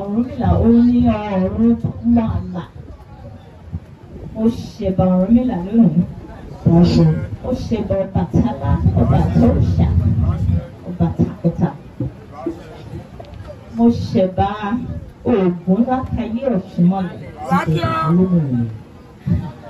Ọ̀rúnmìlà ó ní ọ̀run mọ́ àlà ó ṣẹba Ọ̀rúnmìlà lónìí ó ṣẹba Ọbàtálá ọba tó ṣà ọba takọta mo ṣẹba Ògún lákàyé Ọ̀ṣunmọ́lẹ̀.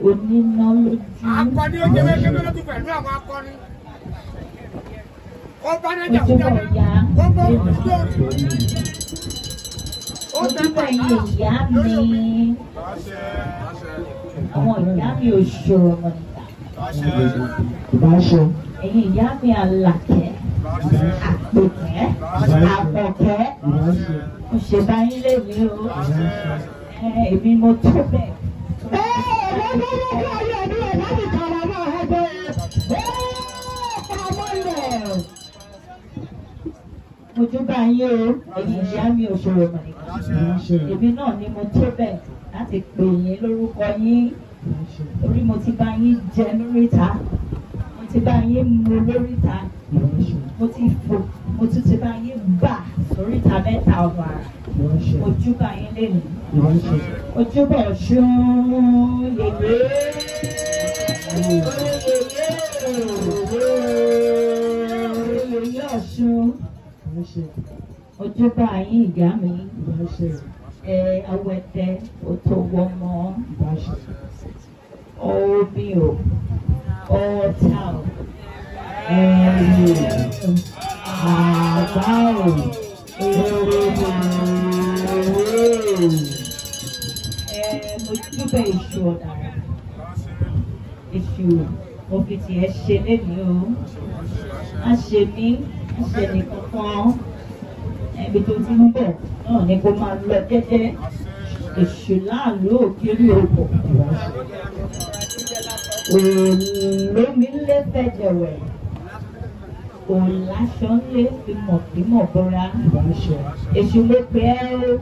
oníná lójú. akọni ó jẹ́ wẹ́kẹ́ lọ́dún pẹ̀lú àwọn akọni. ó bá nájà fún dáadáa ó bọ́ òun tó rí. ó ti bá iye ìyá mi. àwọn ìyá mi ò ṣòro mọ̀ níta. ìyá mi àlàkẹ́ àpèkẹ́ àpọ̀kẹ́. mo ṣe bá lé mi o. èmi mo tó bẹ́ẹ̀ mo tún bá yín o èyí ìyá mi ò ṣòro mọ̀ èmi náà ni mo tó bẹ̀ láti pè yín lórúkọ yín orí mo ti bá yín jẹ lóríta mo ti bá yín mu lóríta mo ti fò mo tún ti bá yín bà sóríta mẹ́ta ọ̀bàrà ojúbà yín lénìí ojúbà ọ̀ṣun yèyé yèyé ọ̀ṣun ojúbà yín ìgá mi ẹ̀ awẹ́tẹ́. ju ọ̀daràn èṣù òkìtì ẹ̀ ṣe lẹ́nu o a ṣe mí a ṣe nìkan kan ẹbí tó ti ń bọ̀ náà ni kó máa lọ jẹ́jẹ́ èṣù láàlú òkiri òbò òlómi lé fẹ̀jẹ̀wẹ̀ òláṣọ lé fi mọ̀ bí mọ̀ bọ́ra èṣù ló pe ẹ́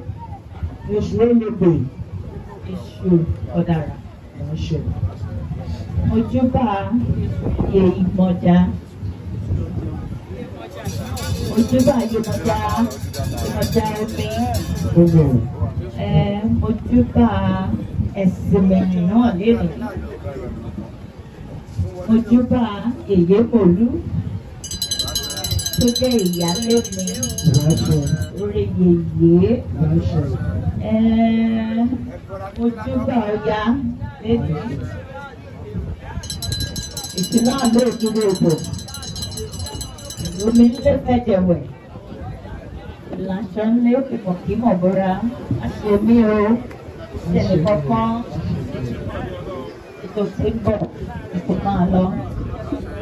o èṣù ló lè ṣòro ọ̀dàrà òun ṣòro. ojúbà yẹ ìmọ̀já ojúbà ìmọ̀já ìmọ̀já omi ojúbà ẹ̀sìnmẹ̀rin náà lérè ojúbà èyí pòlú tó jẹ́ ìyálé mi orí yèyé ojúgbà ọ̀yá létí ìtìlá lóòtúrò òbò ìlúmi ńlẹ fẹjẹwẹ ìlànà ńlẹ ó fi mọ kí mọ bọra á ṣe mí o ìṣẹ̀lẹ̀ kankan ètò tí ń bọ̀ ètò máa lọ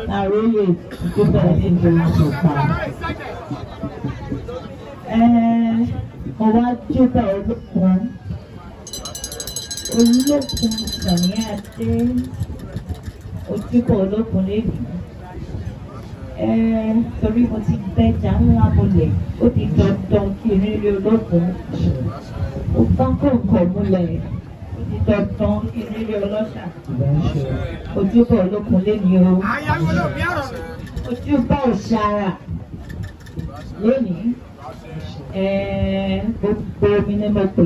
láàróyè ìjọba ìdíje ìjọba ọwọ́ ajébà olókun olókun sàmì adé ojúbọ olókun lẹ́nu torí mo ti gbẹjà ńlá bolẹ̀ ó di dandan kí n rí olókun ó bá kọ̀ọ̀kan múlẹ̀ ó di dandan kí n rí ọlọ́ṣà ojúbọ olókun lẹ́nu o ojúbọ òṣàrà lónìí gbogbo mi ni mo pè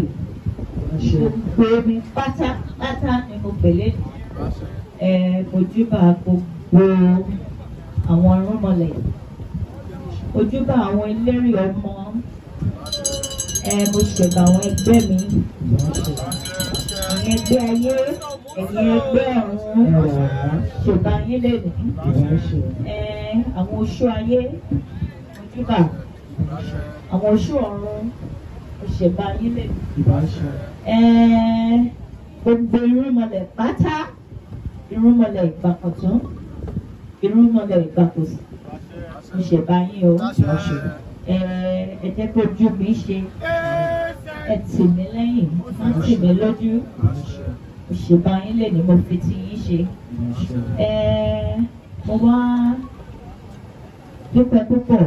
gbogbo mi pátápátá ni mo pè lẹ́nu ojúbà gbogbo àwọn irúnmọlẹ̀ ojúbà àwọn ẹlẹ́rìí ọmọ mo ṣẹ̀bà àwọn ẹgbẹ́ mi ẹ̀yin ẹgbẹ́ ayé ẹ̀yin ẹgbẹ́ ọ̀run ṣẹ̀bà ayé lẹ́nu àwọn oṣù ayé ojúbà àwọn oṣù ọ̀run òṣèbá yín lè. gbogbo irúnmọlẹ̀ pátá irúnmọlẹ̀ ìgbà ọ̀tún irúnmọlẹ̀ ìgbà òsì òṣèbá yín o ẹ jẹ́ kó ojú mi ṣe ẹ tì mí lẹ́yìn má tì mí lójú òṣèbá yín lè ní mo fi ti yín ṣe mo wá dúpẹ́ púpọ̀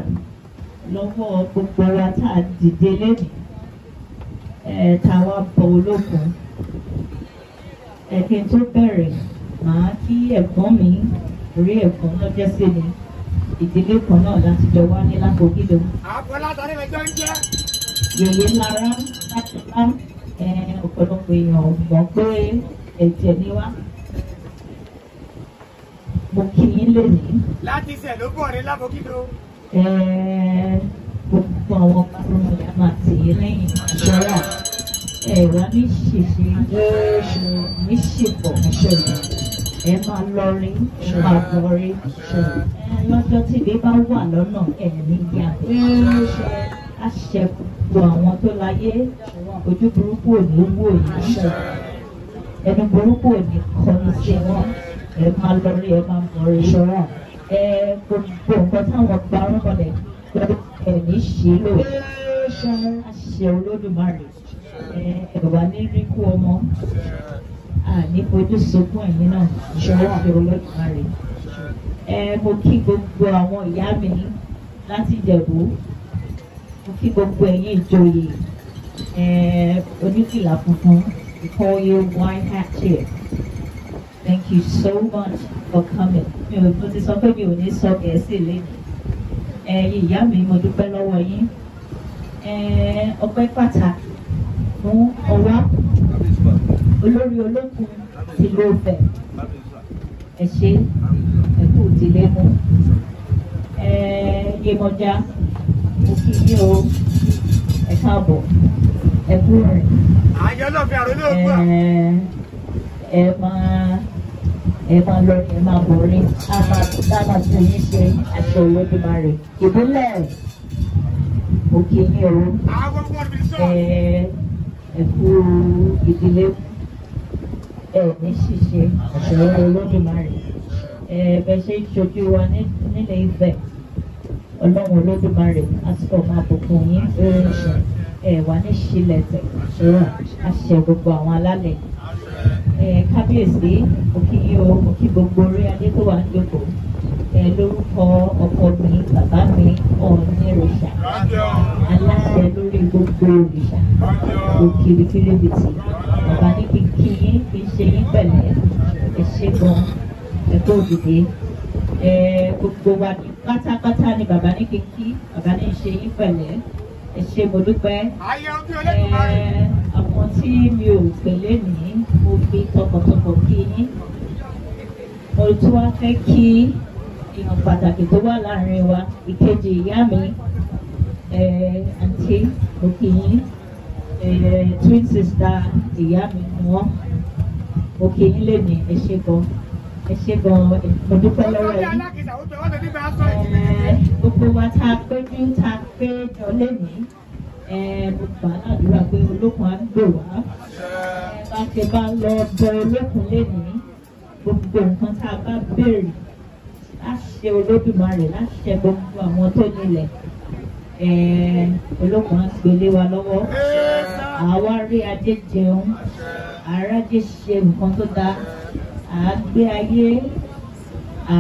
lọ́wọ́ gbogbo wa tá a dìde lẹ́nu ẹ̀ tá a wá bọ olókun ẹ̀kẹ́ tó bẹ̀rẹ̀ màá kí ẹ̀gbọ́n mi orí ẹ̀gbọ́n lọ́jọ́ sí mi ìdílé kan náà láti jọ wá ní lákòókìlò. àbọ̀ látàrí ẹjọ́ ń jẹ́. yèyé lára láti bá ọ̀pọ̀lọpọ̀ èèyàn mọ̀ pé ẹ̀jẹ̀ ni wá mo kì í lè ní. láti sẹ̀ ló bọ̀ ní lákòókìlò gbogbo àwọn ọkùnrin yẹn máa tì í lẹ́yìn ìṣọ́ra ẹ̀wà ní ṣèṣe ní ṣèpọ̀ ẹ máa lọrin máa gbọ́rin lọ́jọ́ tí ìgbé bá wà lọ́nà ẹ̀mí yàgbẹ́ á ṣẹ̀kù àwọn tó láyé ojú burúkú ò ní wò yìí ẹnu burúkú ò ní kọ́ni sí wọn ẹ máa lọrin ẹ máa gbọ́rin ṣọ́ra gbogbo nǹkan táwọn gba orúkọ rẹ̀ lọ́dún ẹ̀ní ṣe lò àṣìṣe olódùmarè ẹ̀wà ní ríkú ọmọ àní fojú sunkún ẹ̀yìn náà ìṣòro àti olódùmarè. mo kí gbogbo àwọn ìyá mi láti Ìjẹ̀bú mo kí gbogbo ẹ̀yin ìjòyè onífìlà funfun ìkọ́yé wine hat chair. Thank you so much for coming. Mi ò mo ti sọ pé mi ò ní sọ Gẹ̀ẹ́sì lẹ́nu. Ẹ̀yin ìyá mi mo dúpẹ́ lọ́wọ́ yín. Ọpẹ́ pàtàkì fún ọwá olórí olókun tìlú Ifẹ̀. Ẹ ṣé ẹ̀kú ìdílé mú. Yemọja mo kí yín o ẹ káàbọ̀ ẹ kúrò rìn. Àyẹ̀lọ́fẹ́ àròlé ògbà. Ẹ máa ẹ máa lọ ẹ máa bọ̀ ní àmàtúndàmàtú yìí ṣe àṣẹ òwe tó máa rè ìbílẹ̀ òkè ní o ẹ kú ìdílé ẹ ní ṣíṣe àṣẹ òwe olódùmarè ẹ bẹ ṣe ń ṣojú wa nílé Ifẹ̀ ọlọ́run olódùmarè àsìkò máa bùkún yín orin ṣe ẹ wà ní ṣílẹ̀ tẹ̀ àṣẹ gbogbo àwọn alálẹ̀ kábíyèsí mo kí yín o mo kí gbogbo orí adé tó wà níjòkó lórúkọ ọkọ mi bàbá mi ọ̀ọ́nì rìṣà aláṣẹ lórí gbogbo rìṣà òkìrì kìrìbìtì bàbá ní kí kí yín kí ṣe yín pẹ̀lẹ́ ẹ ṣe gan ẹ̀kọ́ òdìdí gbogbo wa ní pátápátá ni bàbá ní kí kí bàbá ní ṣe yín pẹ̀lẹ́ ẹ ṣe mo dúpẹ́. mo tún wá fẹ́ kí èèyàn pàtàkì tó wà láàrin wa ìkejì ìyá mi àǹtí òkìyín twin sister ìyá mi ni wọ́n òkìyín lè ní ẹ ṣé gan ẹ ṣé gan mo dúpẹ́ lọ́wọ́ yìí gbogbo wa tá a péjú tá a pé jọ lénìí mo gbà ládùúrà pé olókun á ń gbè wá bá ṣe bá lọ bọ olókun lénìí gbogbo nǹkan tá a bá béèrè láṣẹ olódùmarè láṣẹ gbogbo àwọn tó nílẹ̀ olókùn á wa lọ́wọ́ àwa rí ajé jẹun arájé ṣe nǹkan tó dáa à gbé ayé à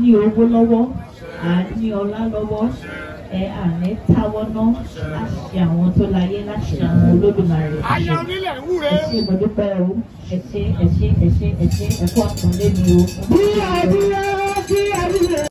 ní owó lọ́wọ́ à ní ọlá lọ́wọ́ ẹ àní táwọ́ náà àwọn tó láyé láṣẹ àwọn olódùmarè ẹṣẹ ẹṣẹ ìmọ̀dúpẹ́ o ẹṣẹ ẹṣẹ ẹṣẹ ẹṣẹ ẹkọ àpọ̀lẹ́ mi o. bí a bí a.